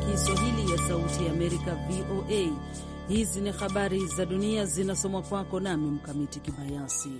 Kiswahili ya Sauti ya Amerika, VOA. Hizi ni habari za dunia zinasomwa kwako nami Mkamiti Kibayasi.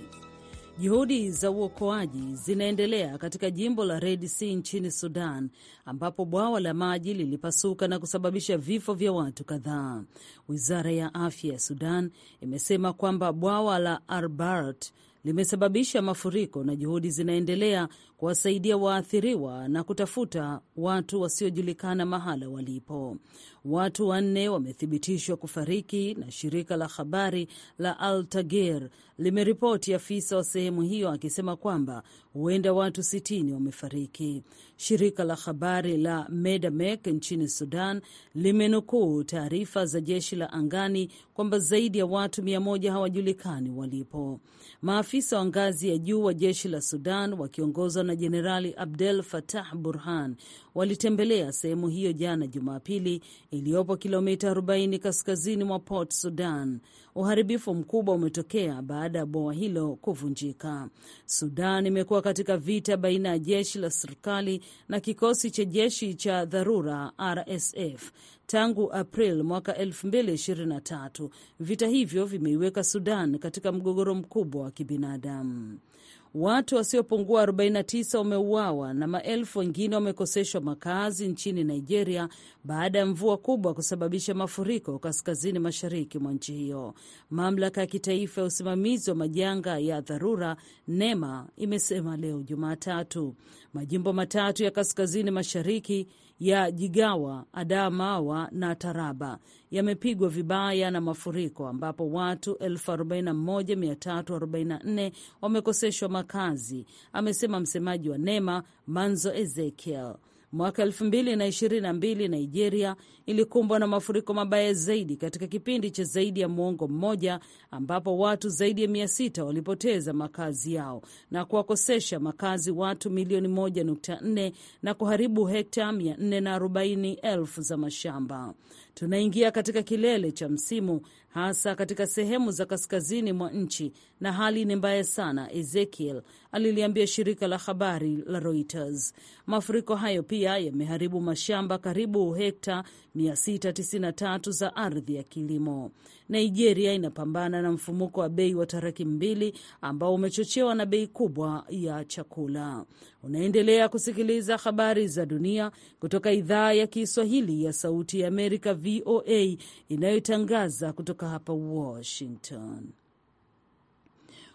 Juhudi za uokoaji zinaendelea katika jimbo la Red Sea nchini Sudan, ambapo bwawa la maji lilipasuka na kusababisha vifo vya watu kadhaa. Wizara ya afya ya Sudan imesema kwamba bwawa la Arbart limesababisha mafuriko na juhudi zinaendelea kuwasaidia waathiriwa na kutafuta watu wasiojulikana mahala walipo. Watu wanne wamethibitishwa kufariki na shirika la habari la Al Tagir limeripoti afisa wa sehemu hiyo akisema kwamba huenda watu sitini wamefariki. Shirika la habari la Medamek nchini Sudan limenukuu taarifa za jeshi la angani kwamba zaidi ya watu mia moja hawajulikani walipo. Maafisa wa ngazi ya juu wa jeshi la Sudan wakiongozwa na Jenerali Abdel Fattah Burhan walitembelea sehemu hiyo jana Jumapili, iliyopo kilomita 40 kaskazini mwa Port Sudan. Uharibifu mkubwa umetokea baada ya bwawa hilo kuvunjika. Sudan imekuwa katika vita baina ya jeshi la serikali na kikosi cha jeshi cha dharura RSF tangu April mwaka 2023. Vita hivyo vimeiweka Sudan katika mgogoro mkubwa wa kibinadamu. Watu wasiopungua 49 wameuawa na maelfu wengine wamekoseshwa makazi nchini Nigeria baada ya mvua kubwa kusababisha mafuriko kaskazini mashariki mwa nchi hiyo. Mamlaka ya kitaifa ya usimamizi wa majanga ya dharura NEMA imesema leo Jumatatu majimbo matatu ya kaskazini mashariki ya Jigawa, Adamawa na Taraba yamepigwa vibaya na mafuriko ambapo watu 41344 wamekoseshwa makazi, amesema msemaji wa NEMA Manzo Ezekiel. Mwaka na mbili Nigeria ilikumbwa na mafuriko mabaya zaidi katika kipindi cha zaidi ya muongo mmoja, ambapo watu zaidi ya mia sita walipoteza makazi yao na kuwakosesha makazi watu milioni nne na kuharibu hekta elfu za mashamba. Tunaingia katika kilele cha msimu, hasa katika sehemu za kaskazini mwa nchi, na hali ni mbaya sana, Ezekiel aliliambia shirika la habari la Reuters. Mafuriko hayo pia yameharibu mashamba karibu hekta 693 za ardhi ya kilimo. Nigeria inapambana na mfumuko wa bei wa tarakimu mbili ambao umechochewa na bei kubwa ya chakula. Unaendelea kusikiliza habari za dunia kutoka idhaa ya Kiswahili ya Sauti ya Amerika, VOA, inayotangaza kutoka hapa Washington.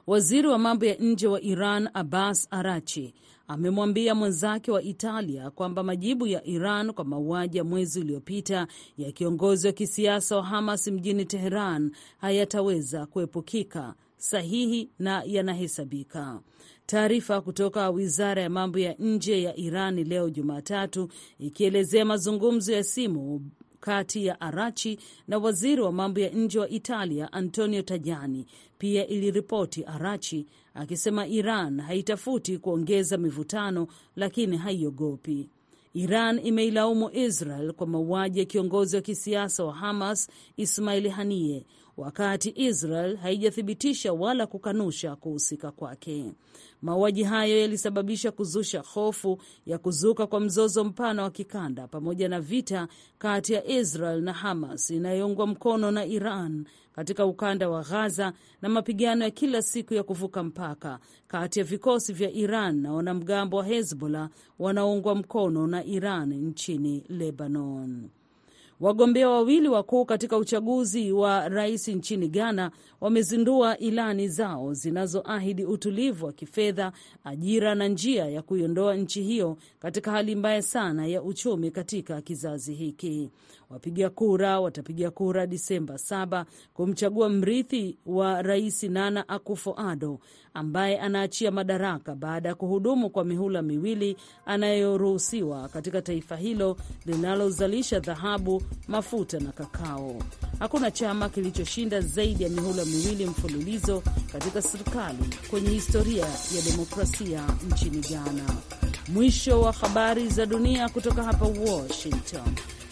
Waziri wa mambo ya nje wa Iran Abbas Arachi amemwambia mwenzake wa Italia kwamba majibu ya Iran kwa mauaji ya mwezi uliopita ya kiongozi wa kisiasa wa Hamas mjini Teheran hayataweza kuepukika, sahihi na yanahesabika. Taarifa kutoka wizara ya mambo ya nje ya iran leo Jumatatu ikielezea mazungumzo ya simu kati ya Arachi na waziri wa mambo ya nje wa Italia Antonio Tajani pia iliripoti Arachi akisema Iran haitafuti kuongeza mivutano, lakini haiogopi. Iran imeilaumu Israel kwa mauaji ya kiongozi wa kisiasa wa Hamas Ismail Haniyeh wakati Israel haijathibitisha wala kukanusha kuhusika kwake. Mauaji hayo yalisababisha kuzusha hofu ya kuzuka kwa mzozo mpana wa kikanda pamoja na vita kati ya Israel na Hamas inayoungwa mkono na Iran katika ukanda wa Gaza na mapigano ya kila siku ya kuvuka mpaka kati ya vikosi vya Iran na wanamgambo wa Hezbollah wanaoungwa mkono na Iran nchini Lebanon. Wagombea wawili wakuu katika uchaguzi wa rais nchini Ghana wamezindua ilani zao zinazoahidi utulivu wa kifedha, ajira na njia ya kuiondoa nchi hiyo katika hali mbaya sana ya uchumi katika kizazi hiki. Wapiga kura watapiga kura Disemba saba kumchagua mrithi wa rais Nana Akufo-Addo ambaye anaachia madaraka baada ya kuhudumu kwa mihula miwili anayoruhusiwa katika taifa hilo linalozalisha dhahabu, mafuta na kakao. Hakuna chama kilichoshinda zaidi ya mihula miwili mfululizo katika serikali kwenye historia ya demokrasia nchini Ghana. Mwisho wa habari za dunia kutoka hapa Washington.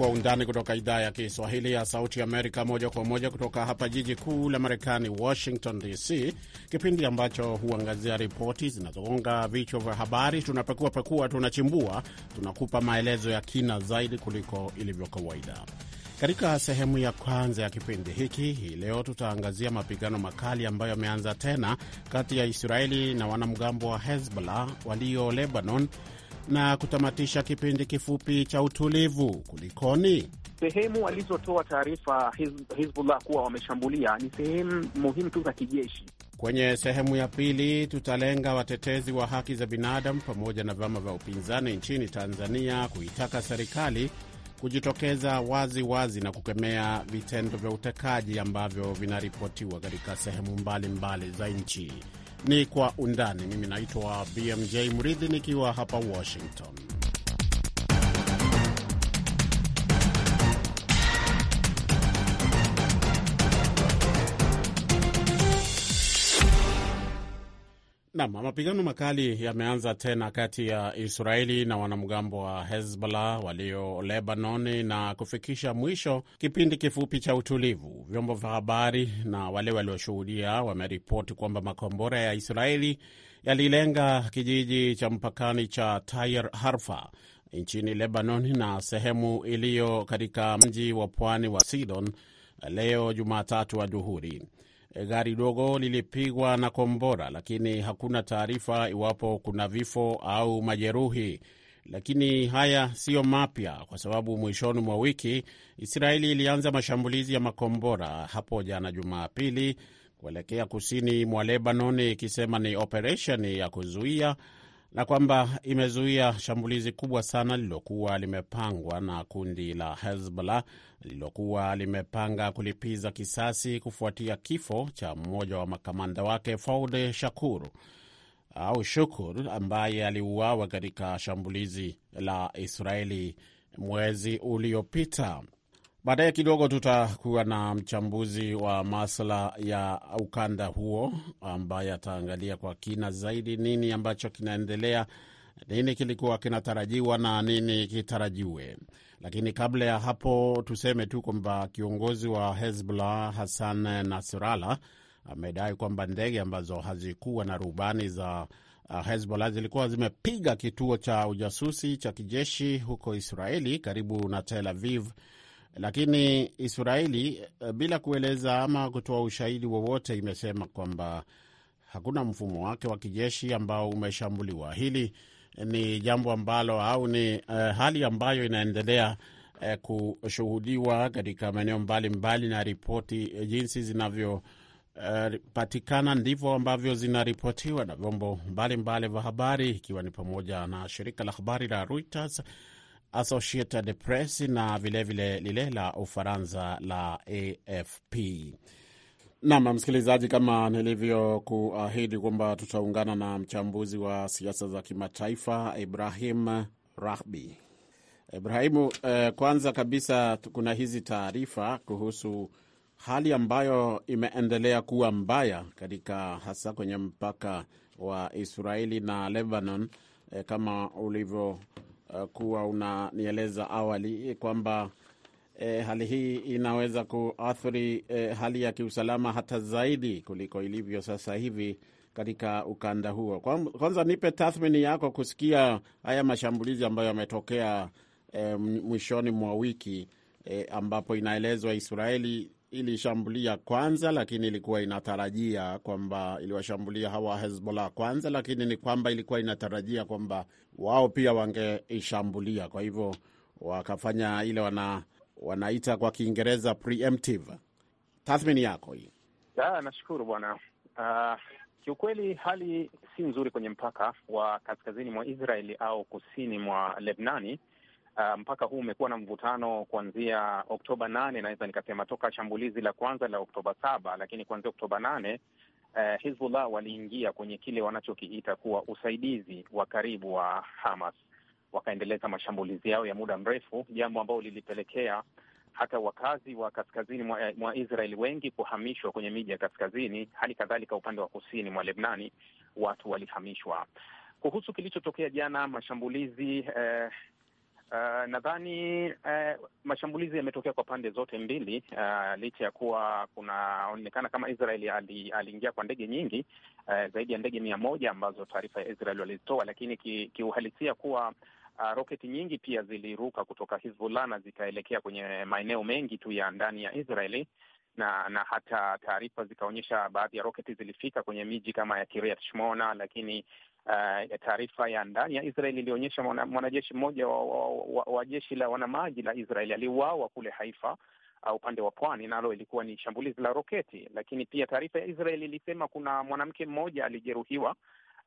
Kwa Undani kutoka idhaa ya Kiswahili ya Sauti Amerika, moja kwa moja kutoka hapa jiji kuu la Marekani, Washington DC, kipindi ambacho huangazia ripoti zinazogonga vichwa vya habari. Tunapekua pekua, tunachimbua, tunakupa maelezo ya kina zaidi kuliko ilivyo kawaida. Katika sehemu ya kwanza ya kipindi hiki hii leo, tutaangazia mapigano makali ambayo yameanza tena kati ya Israeli na wanamgambo wa Hezbollah walio Lebanon na kutamatisha kipindi kifupi cha utulivu. Kulikoni? Sehemu walizotoa taarifa Hizbullah kuwa wameshambulia ni sehemu muhimu tu za kijeshi. Kwenye sehemu ya pili tutalenga watetezi wa haki za binadamu pamoja na vyama vya upinzani nchini Tanzania kuitaka serikali kujitokeza wazi wazi na kukemea vitendo vya utekaji ambavyo vinaripotiwa katika sehemu mbalimbali mbali za nchi ni Kwa Undani. Mimi naitwa BMJ Mridhi nikiwa hapa Washington. Nam, mapigano makali yameanza tena kati ya Israeli na wanamgambo wa Hezbollah walio Lebanoni na kufikisha mwisho kipindi kifupi cha utulivu. Vyombo vya habari na wale walioshuhudia wameripoti kwamba makombora ya Israeli yalilenga kijiji cha mpakani cha tayr Harfa nchini Lebanon na sehemu iliyo katika mji wa pwani wa Sidon leo Jumatatu adhuhuri. E, gari dogo lilipigwa na kombora, lakini hakuna taarifa iwapo kuna vifo au majeruhi. Lakini haya siyo mapya, kwa sababu mwishoni mwa wiki Israeli ilianza mashambulizi ya makombora hapo jana Jumapili kuelekea kusini mwa Lebanon, ikisema ni operesheni ya kuzuia na kwamba imezuia shambulizi kubwa sana lililokuwa limepangwa na kundi la Hezbollah lililokuwa limepanga kulipiza kisasi kufuatia kifo cha mmoja wa makamanda wake Faude Shakur au Shukur ambaye aliuawa katika shambulizi la Israeli mwezi uliopita. Baadaye kidogo tutakuwa na mchambuzi wa masuala ya ukanda huo ambaye ataangalia kwa kina zaidi nini ambacho kinaendelea, nini kilikuwa kinatarajiwa na nini kitarajiwe. Lakini kabla ya hapo, tuseme tu kwamba kiongozi wa Hezbollah Hassan Nasrallah amedai kwamba ndege ambazo hazikuwa na rubani za uh, Hezbollah zilikuwa zimepiga kituo cha ujasusi cha kijeshi huko Israeli karibu na Tel Aviv lakini Israeli eh, bila kueleza ama kutoa ushahidi wowote imesema kwamba hakuna mfumo wake wa kijeshi ambao umeshambuliwa. Hili ni jambo ambalo au ni uh, hali ambayo inaendelea uh, kushuhudiwa katika maeneo mbalimbali, na ripoti jinsi zinavyopatikana uh, ndivyo ambavyo zinaripotiwa na vyombo mbalimbali vya habari, ikiwa ni pamoja na shirika la habari la Reuters Associated Press na vilevile vile lile la Ufaransa la AFP. Nam msikilizaji, kama nilivyokuahidi kwamba tutaungana na mchambuzi wa siasa za kimataifa Ibrahim Rahbi. Ibrahimu, eh, kwanza kabisa kuna hizi taarifa kuhusu hali ambayo imeendelea kuwa mbaya katika hasa kwenye mpaka wa Israeli na Lebanon, eh, kama ulivyo Eh, kuwa unanieleza awali kwamba e, hali hii inaweza kuathiri e, hali ya kiusalama hata zaidi kuliko ilivyo sasa hivi katika ukanda huo. Kwanza nipe tathmini yako kusikia haya mashambulizi ambayo yametokea e, mwishoni mwa wiki e, ambapo inaelezwa Israeli ilishambulia kwanza, lakini ilikuwa inatarajia kwamba iliwashambulia hawa Hezbollah kwanza, lakini ni kwamba ilikuwa inatarajia kwamba wao pia wangeishambulia. Kwa hivyo wakafanya ile wana, wanaita kwa Kiingereza preemptive. Tathmini yako hii? Nashukuru bwana. Uh, kiukweli hali si nzuri kwenye mpaka wa kaskazini mwa Israeli au kusini mwa Lebnani Uh, mpaka huu umekuwa na mvutano kuanzia Oktoba nane, naweza nikasema toka shambulizi la kwanza la Oktoba saba, lakini kuanzia Oktoba nane uh, Hizbullah waliingia kwenye kile wanachokiita kuwa usaidizi wa karibu wa Hamas, wakaendeleza mashambulizi yao ya muda mrefu, jambo ambalo lilipelekea hata wakazi wa kaskazini mwa, eh, mwa Israel wengi kuhamishwa kwenye miji ya kaskazini. Hali kadhalika upande wa kusini mwa Lebnani watu walihamishwa. Kuhusu kilichotokea jana mashambulizi eh, Uh, nadhani uh, mashambulizi yametokea kwa pande zote mbili uh, licha ya kuwa kunaonekana kama Israel ali, aliingia kwa ndege nyingi uh, zaidi ya ndege mia moja ambazo taarifa ya Israel walizitoa, lakini kiuhalisia ki kuwa uh, roketi nyingi pia ziliruka kutoka Hizbullah na zikaelekea kwenye maeneo mengi tu ya ndani ya Israeli na na hata taarifa zikaonyesha baadhi ya roketi zilifika kwenye miji kama ya Kiryat Shmona, lakini uh, taarifa ya ndani ya Israel ilionyesha mwanajeshi mmoja wa, wa, wa, wa jeshi la wanamaji la Israel aliuawa kule Haifa uh, upande wa pwani, nalo ilikuwa ni shambulizi la roketi. Lakini pia taarifa ya Israel ilisema kuna mwanamke mmoja alijeruhiwa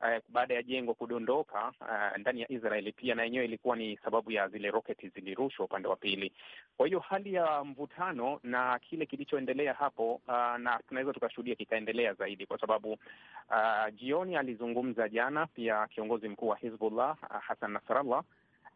uh, baada ya jengo kudondoka uh, ndani ya Israeli pia na yenyewe ilikuwa ni sababu ya zile roketi zilirushwa upande wa pili. Kwa hiyo hali ya mvutano na kile kilichoendelea hapo uh, na tunaweza tukashuhudia kikaendelea zaidi, kwa sababu uh, jioni alizungumza jana pia kiongozi mkuu wa Hizbullah uh, Hassan Nasrallah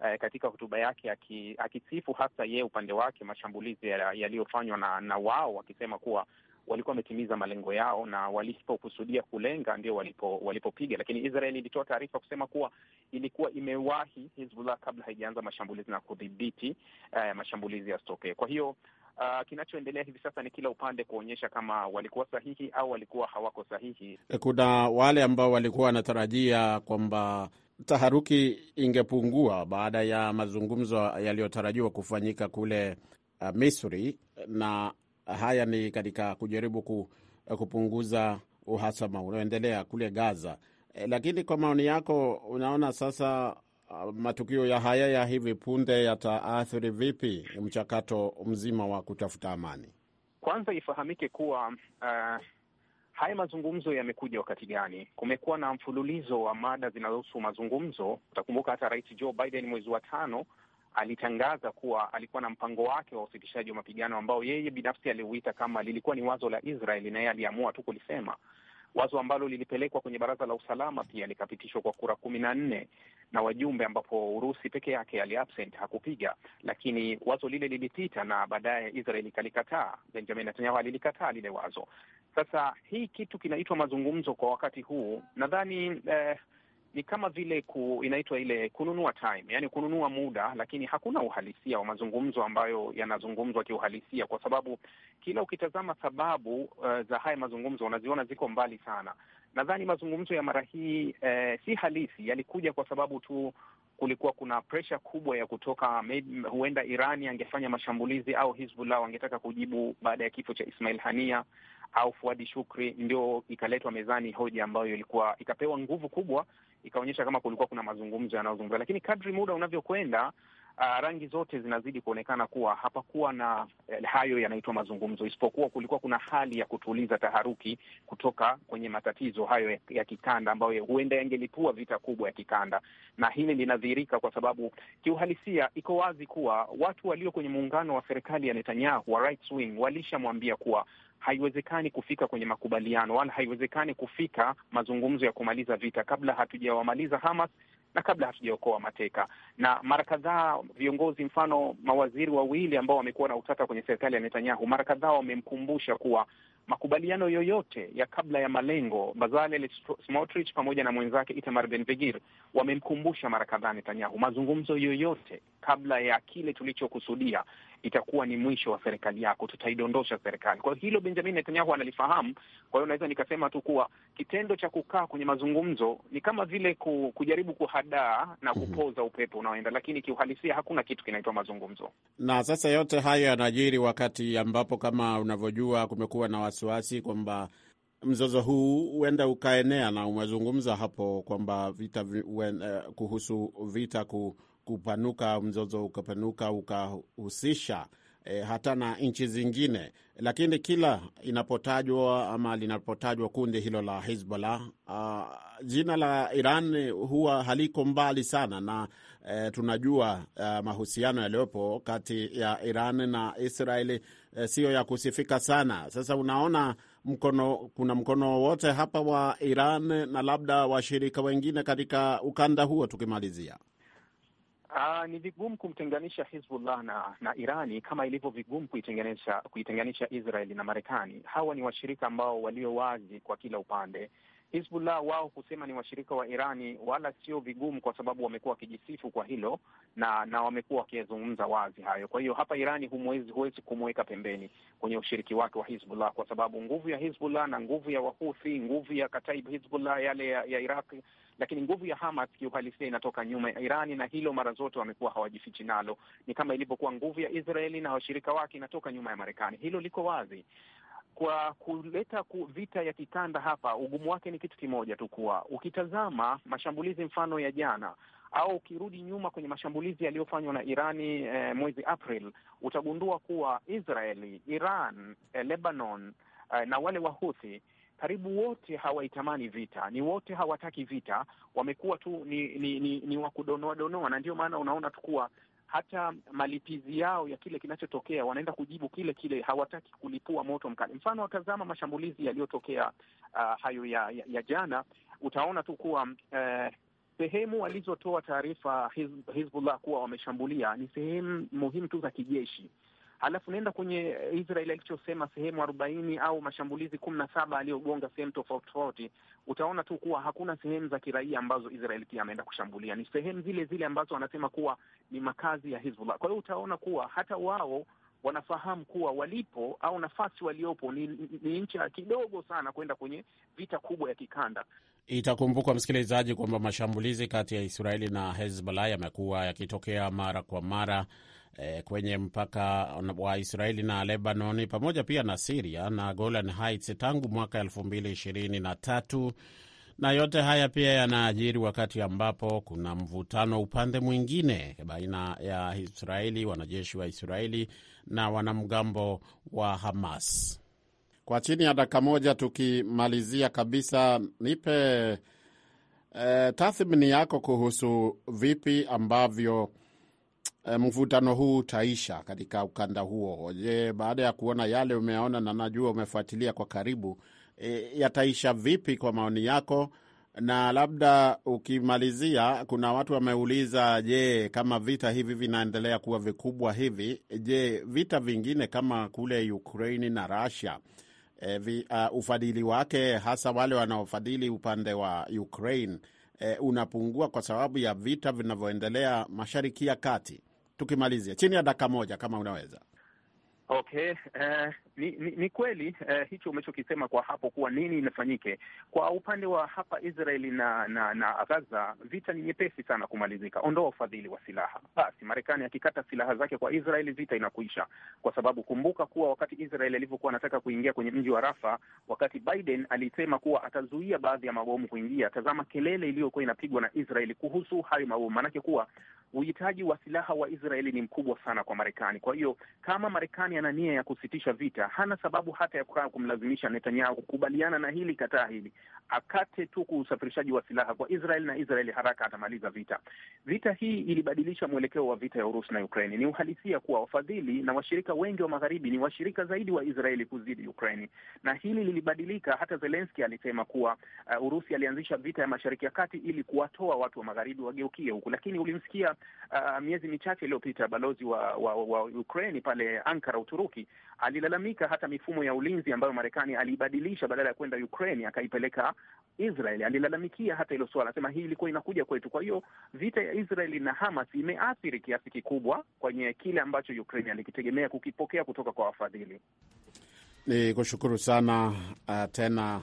uh, katika hotuba yake akisifu hasa yeye upande wake mashambulizi yaliyofanywa na, na wao wakisema kuwa walikuwa wametimiza malengo yao na walipokusudia kulenga ndio walipo walipopiga, lakini Israel ilitoa taarifa kusema kuwa ilikuwa imewahi Hizbullah kabla haijaanza mashambulizi na kudhibiti uh, mashambulizi yasitokee. Kwa hiyo Uh, kinachoendelea hivi sasa ni kila upande kuonyesha kama walikuwa sahihi au walikuwa hawako sahihi. Kuna wale ambao walikuwa wanatarajia kwamba taharuki ingepungua baada ya mazungumzo yaliyotarajiwa kufanyika kule uh, Misri na haya ni katika kujaribu ku, eh, kupunguza uhasama unaoendelea kule Gaza. E, lakini kwa maoni yako unaona sasa ah, matukio ya haya ya hivi punde yataathiri vipi mchakato mzima wa kutafuta amani? Kwanza ifahamike kuwa uh, haya mazungumzo yamekuja wakati gani? Kumekuwa na mfululizo wa mada zinazohusu mazungumzo. Utakumbuka hata Rais Joe Biden mwezi wa tano alitangaza kuwa alikuwa na mpango wake wa usitishaji wa mapigano ambao yeye binafsi aliuita kama lilikuwa ni wazo la israel na yeye aliamua tu kulisema, wazo ambalo lilipelekwa kwenye Baraza la Usalama pia likapitishwa kwa kura kumi na nne na wajumbe, ambapo Urusi peke yake ali absent hakupiga, lakini wazo lile lilipita na baadaye Israel ikalikataa. Benjamin Netanyahu alilikataa lile wazo. Sasa hii kitu kinaitwa mazungumzo kwa wakati huu nadhani eh, ni kama vile ku, inaitwa ile kununua time, yani kununua muda, lakini hakuna uhalisia wa mazungumzo ambayo yanazungumzwa kiuhalisia, kwa sababu kila ukitazama sababu uh, za haya mazungumzo unaziona ziko mbali sana. Nadhani mazungumzo ya mara hii eh, si halisi, yalikuja kwa sababu tu kulikuwa kuna presha kubwa ya kutoka maybe, huenda Irani angefanya mashambulizi au Hizbullah wangetaka kujibu baada ya kifo cha Ismail Hania au Fuadi Shukri, ndio ikaletwa mezani hoja ambayo ilikuwa ikapewa nguvu kubwa ikaonyesha kama kulikuwa kuna mazungumzo yanayozungumza, lakini kadri muda unavyokwenda Uh, rangi zote zinazidi kuonekana kuwa hapakuwa na eh, hayo yanaitwa mazungumzo, isipokuwa kulikuwa kuna hali ya kutuliza taharuki kutoka kwenye matatizo hayo ya, ya kikanda ambayo huenda yangelipua vita kubwa ya kikanda, na hili linadhihirika kwa sababu kiuhalisia iko wazi kuwa watu walio kwenye muungano wa serikali ya Netanyahu wa right wing walishamwambia kuwa haiwezekani kufika kwenye makubaliano wala haiwezekani kufika mazungumzo ya kumaliza vita kabla hatujawamaliza Hamas na kabla hatujaokoa mateka. Na mara kadhaa viongozi, mfano mawaziri wawili ambao wamekuwa na utata kwenye serikali ya Netanyahu, mara kadhaa wamemkumbusha kuwa makubaliano yoyote ya kabla ya malengo, Bezalel Smotrich pamoja na mwenzake Itamar Ben Gvir wamemkumbusha mara kadhaa Netanyahu, mazungumzo yoyote kabla ya kile tulichokusudia itakuwa ni mwisho wa serikali yako, tutaidondosha serikali. Kwa hiyo hilo Benjamin Netanyahu analifahamu. Kwa hiyo naweza nikasema tu kuwa kitendo cha kukaa kwenye mazungumzo ni kama vile kujaribu kuhadaa na mhm. kupoza upepo unaoenda, lakini kiuhalisia hakuna kitu kinaitwa mazungumzo. Na sasa yote hayo yanajiri wakati ambapo kama unavyojua kumekuwa na wasiwasi kwamba mzozo huu huenda ukaenea, na umezungumza hapo kwamba vita, uh, kuhusu vita ku kupanuka, mzozo ukapanuka ukahusisha E, hata na nchi zingine, lakini kila inapotajwa ama linapotajwa kundi hilo la Hezbollah, ah, jina la Iran huwa haliko mbali sana na e, tunajua a, eh, mahusiano yaliyopo kati ya Iran na Israeli e, siyo ya kusifika sana. Sasa unaona mkono, kuna mkono wowote hapa wa Iran na labda washirika wengine katika ukanda huo tukimalizia Aa, ah, ni vigumu kumtenganisha Hizbullah na, na Irani kama ilivyo vigumu kuitenganisha kuitenganisha Israeli na Marekani. Hawa ni washirika ambao walio wazi kwa kila upande. Hizbullah wao kusema ni washirika wa Irani wala sio vigumu, kwa sababu wamekuwa wakijisifu kwa hilo na na wamekuwa wakiyazungumza wazi hayo. Kwa hiyo hapa Irani humwezi huwezi kumweka pembeni kwenye ushiriki wake wa Hizbullah, kwa sababu nguvu ya Hizbullah na nguvu ya Wahuthi, nguvu ya Kataib Hizbullah yale ya, ya Iraq lakini nguvu ya Hamas kiuhalisia inatoka nyuma ya Irani, na hilo mara zote wamekuwa hawajifichi nalo, ni kama ilivyokuwa nguvu ya Israeli na washirika wake inatoka nyuma ya Marekani. Hilo liko wazi. Kwa kuleta vita ya kikanda hapa, ugumu wake ni kitu kimoja tu, kuwa ukitazama mashambulizi mfano ya jana au ukirudi nyuma kwenye mashambulizi yaliyofanywa na Irani eh, mwezi April, utagundua kuwa Israeli, Iran, eh, Lebanon eh, na wale Wahuthi karibu wote hawaitamani vita, ni wote hawataki vita, wamekuwa tu ni ni, ni, ni wa kudonoa donoa, na ndio maana unaona tu kuwa hata malipizi yao ya kile kinachotokea wanaenda kujibu kile kile, hawataki kulipua moto mkali. Mfano, watazama mashambulizi yaliyotokea uh, hayo ya, ya, ya jana, utaona tu kuwa eh, sehemu walizotoa taarifa Hizbullah kuwa wameshambulia ni sehemu muhimu tu za kijeshi halafu naenda kwenye eh, Israel alichosema sehemu arobaini au mashambulizi kumi na saba aliyogonga sehemu tofauti tofauti, utaona tu kuwa hakuna sehemu za kiraia ambazo Israel pia ameenda kushambulia, ni sehemu zile zile ambazo wanasema kuwa ni makazi ya Hizbullah. Kwa hiyo utaona kuwa hata wao wanafahamu kuwa walipo au nafasi waliopo ni, ni ncha kidogo sana kwenda kwenye vita kubwa ya kikanda. Itakumbukwa msikilizaji, kwamba mashambulizi kati ya Israeli na Hezbollah yamekuwa yakitokea mara kwa mara eh, kwenye mpaka wa Israeli na Lebanoni pamoja pia na Siria na Golan Heights tangu mwaka elfu mbili ishirini na tatu na yote haya pia yanaajiri wakati ambapo kuna mvutano upande mwingine baina ya Israeli, wanajeshi wa Israeli na wanamgambo wa Hamas. Kwa chini ya dakika moja, tukimalizia kabisa, nipe eh, tathmini yako kuhusu vipi ambavyo Eh, mvutano huu utaisha katika ukanda huo? Je, baada ya kuona yale umeona na najua umefuatilia kwa karibu, e, yataisha vipi kwa maoni yako? Na labda ukimalizia, kuna watu wameuliza, je, kama vita hivi vinaendelea kuwa vikubwa hivi, je, vita vingine kama kule Ukraini na Russia e, vi, uh, ufadhili wake hasa wale wanaofadhili upande wa Ukraine e, unapungua kwa sababu ya vita vinavyoendelea Mashariki ya Kati? tukimalizia chini ya dakika moja kama unaweza. Okay, uh, ni, ni, ni kweli uh, hicho umechokisema kwa hapo kuwa nini inafanyike kwa upande wa hapa Israeli na na, na Gaza. Vita ni nyepesi sana kumalizika, ondoa ufadhili wa silaha basi. Marekani akikata silaha zake kwa Israeli, vita inakuisha, kwa sababu kumbuka kuwa wakati Israeli alivyokuwa anataka kuingia kwenye mji wa Rafa, wakati Biden alisema kuwa atazuia baadhi ya mabomu kuingia, tazama kelele iliyokuwa inapigwa na Israeli kuhusu hayo mabomu, maanake kuwa uhitaji wa silaha wa Israeli ni mkubwa sana kwa Marekani. Kwa hiyo kama Marekani Marekani ana nia ya kusitisha vita, hana sababu hata ya kukaa kumlazimisha Netanyahu kukubaliana na hili, kataa hili, akate tu usafirishaji wa silaha kwa Israel na Israel haraka atamaliza vita. Vita hii ilibadilisha mwelekeo wa vita ya Urusi na Ukraini. Ni uhalisia kuwa wafadhili na washirika wengi wa magharibi ni washirika zaidi wa Israeli kuzidi Ukraini, na hili lilibadilika. Hata Zelenski alisema kuwa uh, Urusi alianzisha vita ya mashariki ya kati ili kuwatoa watu wa magharibi wageukie huku, lakini ulimsikia uh, miezi michache iliyopita balozi wa, wa, wa Ukraini pale Ankara Uturuki alilalamika hata mifumo ya ulinzi ambayo Marekani aliibadilisha badala ya kwenda Ukraine akaipeleka Israeli. Alilalamikia hata hilo suala, anasema hii ilikuwa inakuja kwetu. Kwa hiyo vita ya Israeli na Hamas imeathiri kiasi kikubwa kwenye kile ambacho Ukraine alikitegemea kukipokea kutoka kwa wafadhili. Ni kushukuru sana uh, tena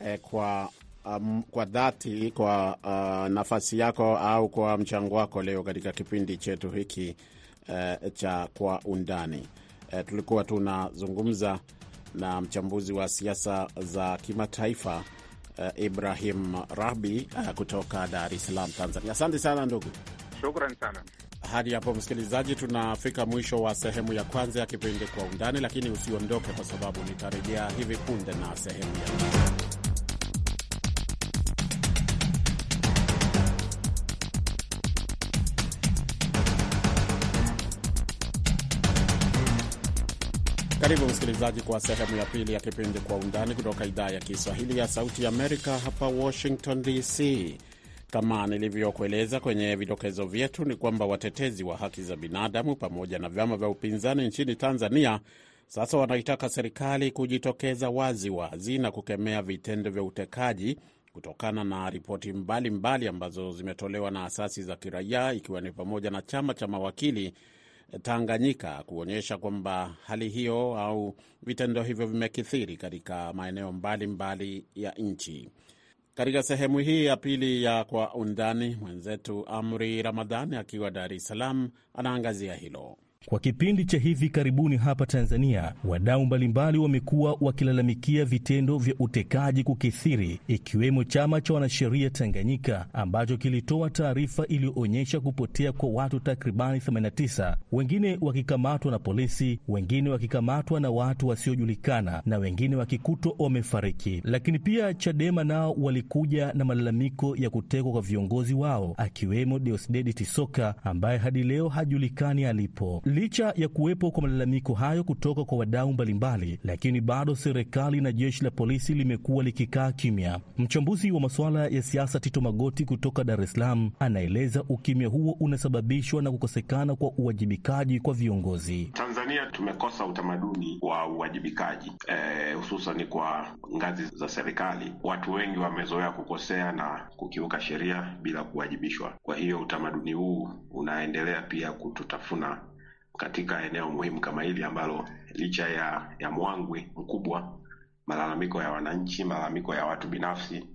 eh, kwa um, kwa dhati kwa uh, nafasi yako au kwa mchango wako leo katika kipindi chetu hiki uh, cha kwa undani eh, tulikuwa tunazungumza na mchambuzi wa siasa za kimataifa eh, Ibrahim Rahbi eh, kutoka Dar es Salaam, Tanzania. Asante sana ndugu. shukran sana. Hadi hapo msikilizaji, tunafika mwisho wa sehemu ya kwanza ya kipindi Kwa Undani, lakini usiondoke, kwa sababu nitarejea hivi punde na sehemu ya Karibu msikilizaji kwa sehemu ya pili ya kipindi Kwa Undani kutoka idhaa ya Kiswahili ya Sauti ya Amerika, hapa Washington DC. Kama nilivyokueleza kwenye vidokezo vyetu, ni kwamba watetezi wa haki za binadamu pamoja na vyama vya upinzani nchini Tanzania sasa wanaitaka serikali kujitokeza wazi wazi na kukemea vitendo vya utekaji kutokana na ripoti mbalimbali ambazo zimetolewa na asasi za kiraia ikiwa ni pamoja na chama cha mawakili Tanganyika kuonyesha kwamba hali hiyo au vitendo hivyo vimekithiri katika maeneo mbalimbali mbali ya nchi. Katika sehemu hii ya pili ya Kwa Undani, mwenzetu Amri Ramadhani akiwa Dar es Salaam anaangazia hilo. Kwa kipindi cha hivi karibuni hapa Tanzania, wadau mbalimbali wamekuwa wakilalamikia vitendo vya utekaji kukithiri, ikiwemo chama cha wanasheria Tanganyika ambacho kilitoa taarifa iliyoonyesha kupotea kwa watu takribani 89, wengine wakikamatwa na polisi, wengine wakikamatwa na watu wasiojulikana, na wengine wakikutwa wamefariki. Lakini pia Chadema nao walikuja na malalamiko ya kutekwa kwa viongozi wao, akiwemo deosdedi Soka ambaye hadi leo hajulikani alipo. Licha ya kuwepo kwa malalamiko hayo kutoka kwa wadau mbalimbali, lakini bado serikali na jeshi la polisi limekuwa likikaa kimya. Mchambuzi wa masuala ya siasa Tito Magoti kutoka Dar es Salaam anaeleza ukimya huo unasababishwa na kukosekana kwa uwajibikaji kwa viongozi. Tanzania tumekosa utamaduni wa uwajibikaji eh, hususan e, kwa ngazi za serikali. Watu wengi wamezoea kukosea na kukiuka sheria bila kuwajibishwa. Kwa hiyo utamaduni huu unaendelea pia kututafuna katika eneo muhimu kama hili ambalo licha ya, ya mwangwi mkubwa, malalamiko ya wananchi, malalamiko ya watu binafsi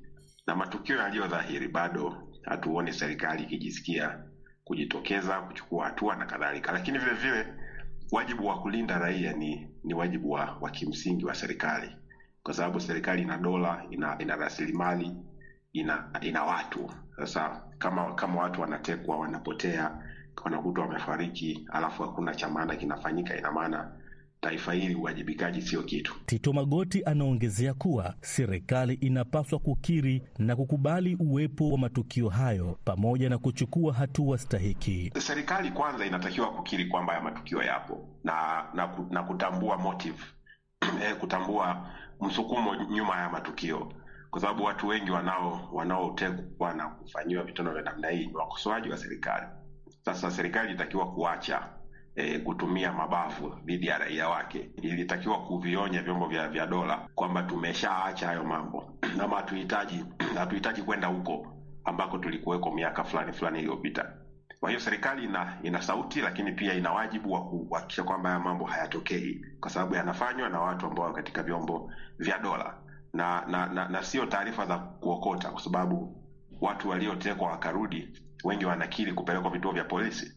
na matukio yaliyo dhahiri, bado hatuone serikali ikijisikia kujitokeza kuchukua hatua na kadhalika. Lakini vile vile wajibu wa kulinda raia ni, ni wajibu wa, wa kimsingi wa serikali, kwa sababu serikali ina dola, ina, ina rasilimali, ina, ina watu. Sasa kama kama watu wanatekwa, wanapotea wanakuta wamefariki, alafu hakuna cha maana kinafanyika, ina maana taifa hili uwajibikaji sio kitu. Tito Magoti anaongezea kuwa serikali inapaswa kukiri na kukubali uwepo wa matukio hayo pamoja na kuchukua hatua stahiki. Serikali kwanza inatakiwa kukiri kwamba ya matukio yapo na, na, na kutambua motive eh, kutambua msukumo nyuma ya matukio, kwa sababu watu wengi wanaotekwa na kufanyiwa vitendo vya namna hii ni wakosoaji wa serikali sasa serikali ilitakiwa kuacha e, kutumia mabavu dhidi ya raia wake. Ilitakiwa kuvionya vyombo vya, vya dola kwamba tumeshaacha hayo mambo ama hatuhitaji hatuhitaji kwenda huko ambako tulikuweko miaka fulani fulani iliyopita. Kwa hiyo serikali ina, ina sauti lakini pia ina wajibu wa kuhakikisha kwamba haya mambo hayatokei, kwa sababu yanafanywa na watu ambao katika vyombo vya dola na na, na, na sio taarifa za kuokota, kwa sababu watu waliotekwa wakarudi wengi wanakiri kupelekwa vituo vya polisi.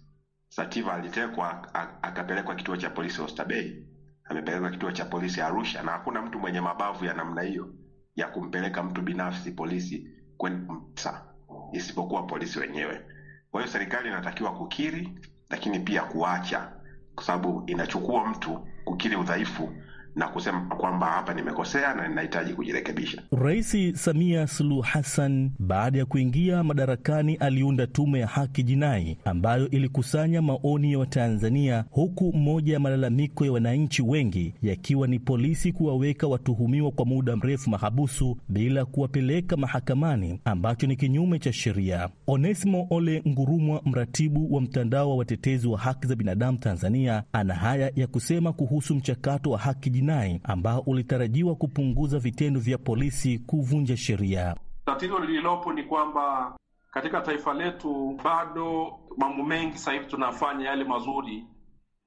Sativa alitekwa akapelekwa kituo cha polisi ostabei amepelekwa kituo cha polisi Arusha, na hakuna mtu mwenye mabavu ya namna hiyo ya kumpeleka mtu binafsi polisi kwenda kumsa, isipokuwa polisi wenyewe. Kwa hiyo serikali inatakiwa kukiri, lakini pia kuacha, kwa sababu inachukua mtu kukiri udhaifu na kusema kwamba hapa nimekosea na ninahitaji kujirekebisha. Rais Samia Suluhu Hassan baada ya kuingia madarakani aliunda tume ya haki jinai ambayo ilikusanya maoni ya Watanzania, huku moja ya malalamiko ya wananchi wengi yakiwa ni polisi kuwaweka watuhumiwa kwa muda mrefu mahabusu bila kuwapeleka mahakamani, ambacho ni kinyume cha sheria. Onesimo Ole Ngurumwa, mratibu wa mtandao wa watetezi wa haki za binadamu Tanzania, ana haya ya kusema kuhusu mchakato wa haki jinai jinai ambao ulitarajiwa kupunguza vitendo vya polisi kuvunja sheria. Tatizo lililopo ni kwamba katika taifa letu bado mambo mengi sasa hivi tunafanya yale mazuri,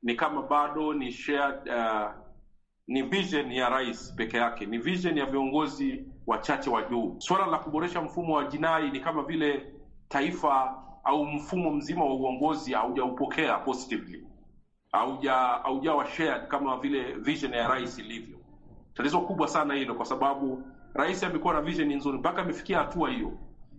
ni kama bado ni shared, uh, ni vision ya rais peke yake, ni vision ya viongozi wachache wa juu. Suala la kuboresha mfumo wa jinai ni kama vile taifa au mfumo mzima wa uongozi haujaupokea positively haujawa shared kama vile vision ya rais ilivyo. Tatizo kubwa sana hilo, kwa sababu rais amekuwa na vision nzuri mpaka amefikia hatua hiyo.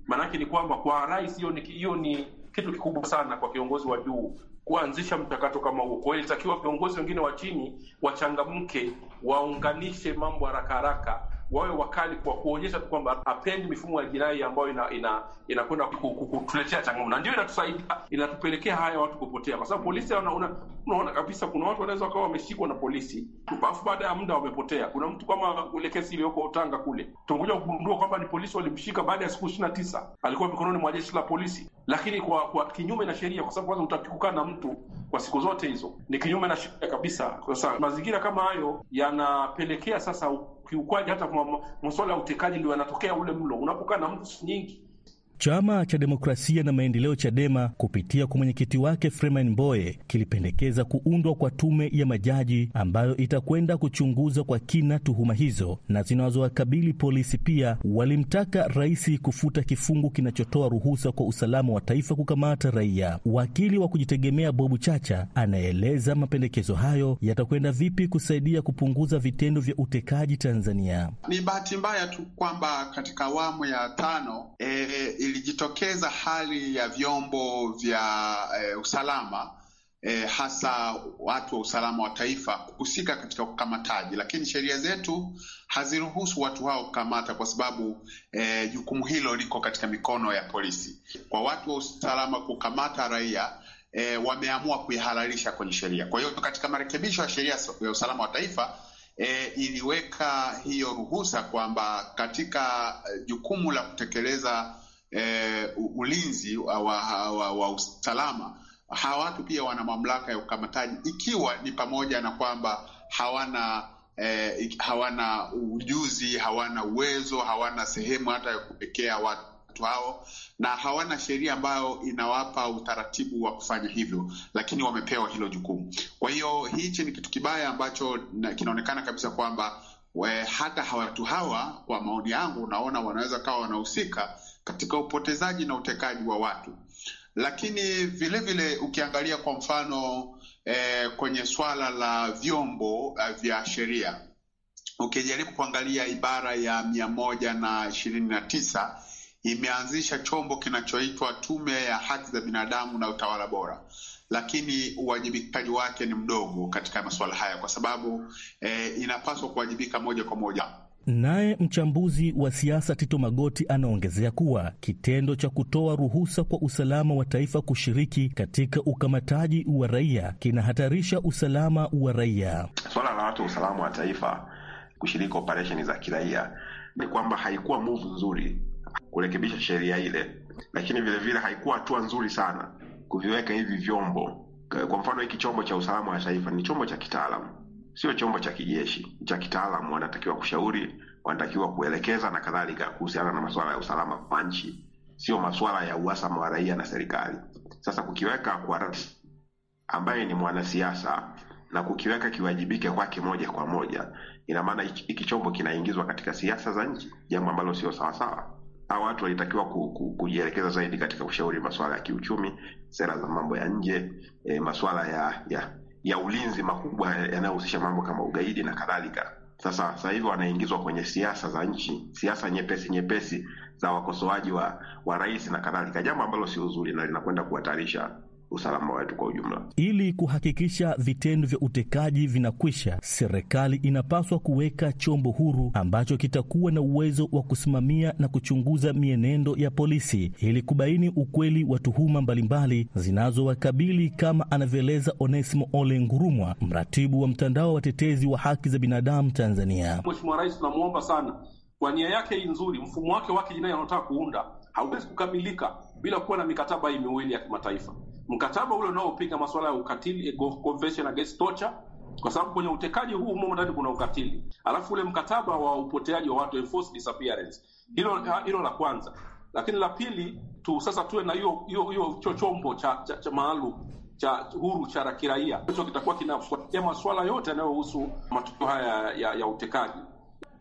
Maanake ni kwamba kwa rais hiyo ni, hiyo ni kitu kikubwa sana kwa kiongozi wa juu kuanzisha mchakato kama huo. Kwa hiyo ilitakiwa viongozi wengine wa chini wachangamke, waunganishe mambo haraka haraka wawe wakali kwa kuonyesha tu kwamba hapendi mifumo ya jinai ambayo inakwenda ina, ina kutuletea changamoto, na ndio inatusaidia inatupelekea haya watu kupotea, kwa sababu polisi unaona una, kabisa kuna watu wanaweza wakawa wameshikwa na polisi alafu baada ya muda wamepotea. Kuna mtu kama ule kesi iliyoko Utanga kule, tunakuja kugundua kwamba ni polisi walimshika baada ya siku ishirini na tisa alikuwa mikononi mwa jeshi la polisi lakini kwa, kwa kinyume na sheria, kwa sababu kwanza hutaki kukaa na mtu kwa siku zote hizo, ni kinyume na sheria kabisa. Sasa mazingira kama hayo yanapelekea sasa ukiukwaji, hata kwa masuala ya utekaji ndio yanatokea ule mlo, unapokaa na mtu siku nyingi Chama cha Demokrasia na Maendeleo, CHADEMA, kupitia kwa mwenyekiti wake Freeman Mbowe kilipendekeza kuundwa kwa tume ya majaji ambayo itakwenda kuchunguza kwa kina tuhuma hizo na zinazowakabili polisi. Pia walimtaka rais kufuta kifungu kinachotoa ruhusa kwa usalama wa taifa kukamata raia. Wakili wa kujitegemea Bobu Chacha anaeleza mapendekezo hayo yatakwenda vipi kusaidia kupunguza vitendo vya utekaji Tanzania. Ni bahati mbaya tu kwamba katika awamu ya tano e, e, ilijitokeza hali ya vyombo vya e, usalama e, hasa watu wa usalama wa taifa kuhusika katika ukamataji, lakini sheria zetu haziruhusu watu hao kukamata kwa sababu eh, jukumu hilo liko katika mikono ya polisi. Kwa watu wa usalama kukamata raia e, wameamua kuihalalisha kwenye sheria. Kwa hiyo katika marekebisho ya sheria ya usalama wa taifa E, iliweka hiyo ruhusa kwamba katika jukumu la kutekeleza eh, ulinzi wa, wa, wa, wa usalama. Hawa watu pia wana mamlaka ya ukamataji, ikiwa ni pamoja na kwamba hawana eh, hawana ujuzi, hawana uwezo, hawana sehemu hata ya kupekea watu hao, na hawana sheria ambayo inawapa utaratibu wa kufanya hivyo, lakini wamepewa hilo jukumu. Kwa hiyo hichi ni kitu kibaya ambacho kinaonekana kabisa kwamba we, hata watu hawa kwa maoni yangu, naona wanaweza kawa wanahusika katika upotezaji na utekaji wa watu, lakini vilevile vile ukiangalia kwa mfano eh, kwenye swala la vyombo uh, vya sheria ukijaribu kuangalia ibara ya mia moja na ishirini na tisa imeanzisha chombo kinachoitwa Tume ya Haki za Binadamu na Utawala Bora lakini uwajibikaji wake ni mdogo katika masuala haya, kwa sababu e, inapaswa kuwajibika moja kwa moja. Naye mchambuzi wa siasa Tito Magoti anaongezea kuwa kitendo cha kutoa ruhusa kwa usalama wa taifa kushiriki katika ukamataji wa raia kinahatarisha usalama wa raia. Swala la watu wa usalama wa taifa kushiriki operesheni za kiraia ni kwamba haikuwa muvu nzuri kurekebisha sheria ile, lakini vilevile haikuwa hatua nzuri sana kuviweka hivi vyombo. Kwa mfano, hiki chombo cha usalama wa taifa ni chombo cha kitaalamu, sio chombo cha kijeshi. Cha kitaalamu, wanatakiwa kushauri, wanatakiwa kuelekeza na kadhalika, kuhusiana na masuala ya usalama kwa nchi, sio masuala ya uhasama wa raia na serikali. Sasa kukiweka kwa rais ambaye ni mwanasiasa na kukiweka kiwajibike kwake moja kwa moja, ina maana hiki chombo kinaingizwa katika siasa za nchi, jambo ambalo sio sawasawa hawa watu walitakiwa kujielekeza zaidi katika ushauri masuala ya kiuchumi, sera za mambo ya nje, e, masuala ya, ya ya ulinzi makubwa yanayohusisha mambo kama ugaidi na kadhalika. Sasa sasa hivi wanaingizwa kwenye siasa za nchi, siasa nyepesi nyepesi za wakosoaji wa, wa rais na kadhalika, jambo ambalo sio uzuri na linakwenda kuhatarisha usalama wetu kwa ujumla. Ili kuhakikisha vitendo vya utekaji vinakwisha, serikali inapaswa kuweka chombo huru ambacho kitakuwa na uwezo wa kusimamia na kuchunguza mienendo ya polisi ili kubaini ukweli wa tuhuma mbalimbali zinazowakabili, kama anavyoeleza Onesimo Ole Ngurumwa, mratibu wa mtandao wa watetezi wa haki za binadamu Tanzania. Mheshimiwa Rais, tunamwomba sana kwa nia yake hii nzuri, mfumo wake wake jinai anaotaka kuunda hauwezi kukamilika bila kuwa na mikataba hii miwili ya kimataifa mkataba ule unaopinga masuala ya ukatili, eh, Convention Against Torture, kwa sababu kwenye utekaji huu humo ndani kuna ukatili, alafu ule mkataba wa upoteaji wa watu, enforced disappearance. Hilo hilo la kwanza, lakini la pili tu sasa tuwe na hiyo hiyo chombo cha, cha, cha maalum cha huru cha kiraia, hicho kitakuwa kinafuatia masuala yote yanayohusu matukio haya ya, ya, ya utekaji.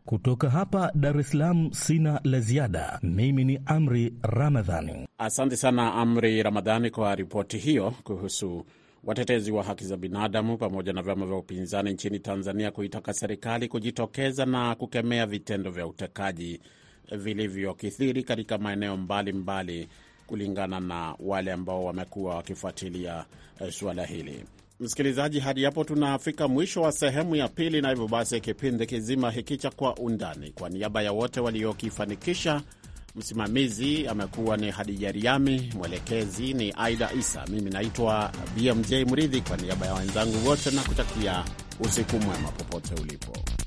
Kutoka hapa Dar es Salaam sina la ziada. Mimi ni Amri Ramadhani. Asante sana Amri Ramadhani kwa ripoti hiyo kuhusu watetezi wa haki za binadamu pamoja na vyama vya upinzani nchini Tanzania kuitaka serikali kujitokeza na kukemea vitendo vya utekaji vilivyokithiri katika maeneo mbalimbali mbali, kulingana na wale ambao wamekuwa wakifuatilia eh, suala hili. Msikilizaji, hadi hapo tunafika mwisho wa sehemu ya pili, na hivyo basi kipindi kizima hiki cha Kwa Undani, kwa niaba ya wote waliokifanikisha, msimamizi amekuwa ni Hadija Riami, mwelekezi ni Aida Isa, mimi naitwa BMJ Mridhi, kwa niaba ya wenzangu wote na kutakia usiku mwema popote ulipo.